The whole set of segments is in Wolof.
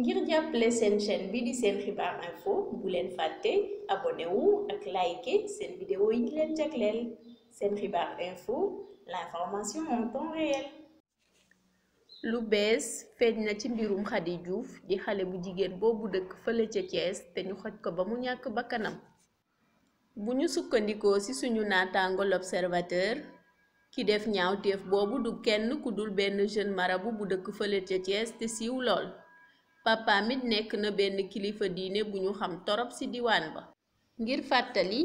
ngir jàppale seen chaîne bi di seen xibaar info bu leen fàtte abonné ak like seen vidéo yi leen jagleel seen xibaar info l'information en temps réel. lu bees feeñ na ci mbirum Khady juuf di xale bu jigéen boobu dëkk fële ca Thiès te ñu xoj ko ba mu ñàkk bakkanam bu ñu sukkandikoo ci suñu naataango l'observateur ki def ñaawteef boobu du kenn ku dul benn jeune marabu bu dëkk fële ca Thiès te siiw lool. papaam it nekk na benn kilifa diine bu ñu xam torop ci diwaan ba ngir fàttali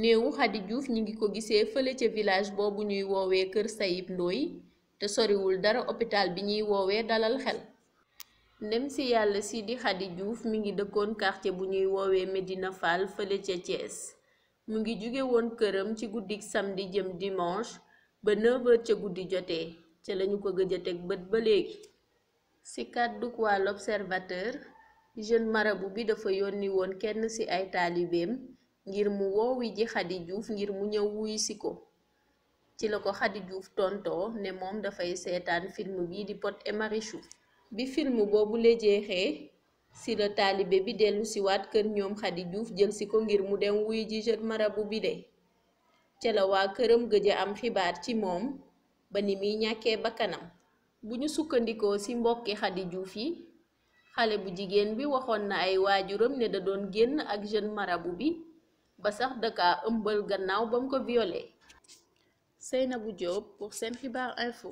néewu Xadi Juuf ñi ngi ko gisee fële ca village boobu ñuy woowe kër Sayib Ndooy te soriwul dara hôpital bi ñuy woowe dalal xel ndem ci yàlla si di Xadi Juuf mi ngi dëkkoon quartier bu ñuy woowee Medina Fall fële ca Thiès mu ngi jóge woon këram ci guddik samedi jëm dimanche ba 9 ca guddi jotee ca lañu ko gëj bët ba léegi ci kàddug waa l'observateur jeune marabu bi dafa yónni woon kenn ci ay taalibeem ngir mu woowi ji Xadi Juuf ngir mu ñëw wuyu si ko ci la ko Xadi Juuf tontoo ne moom dafay seetaan film bii di Pod et bi film boobu la ci la taalibe bi dellu si waat kër ñoom Xadi Juuf jël si ko ngir mu dem wuyu ji jeune marabu bi de ca la waa këram gëj am xibaar ci moom ba ni muy ñàkkee bakkanam bu ñu sukkandikoo ci mbokki xaddi Juuf yi xale bu jigéen bi waxoon na ay waajuram ne da doon génn ak jeune marabu bi ba sax daka ëmbal gannaaw bam ko violé Seynabou Diop pour Sen Xibaar Info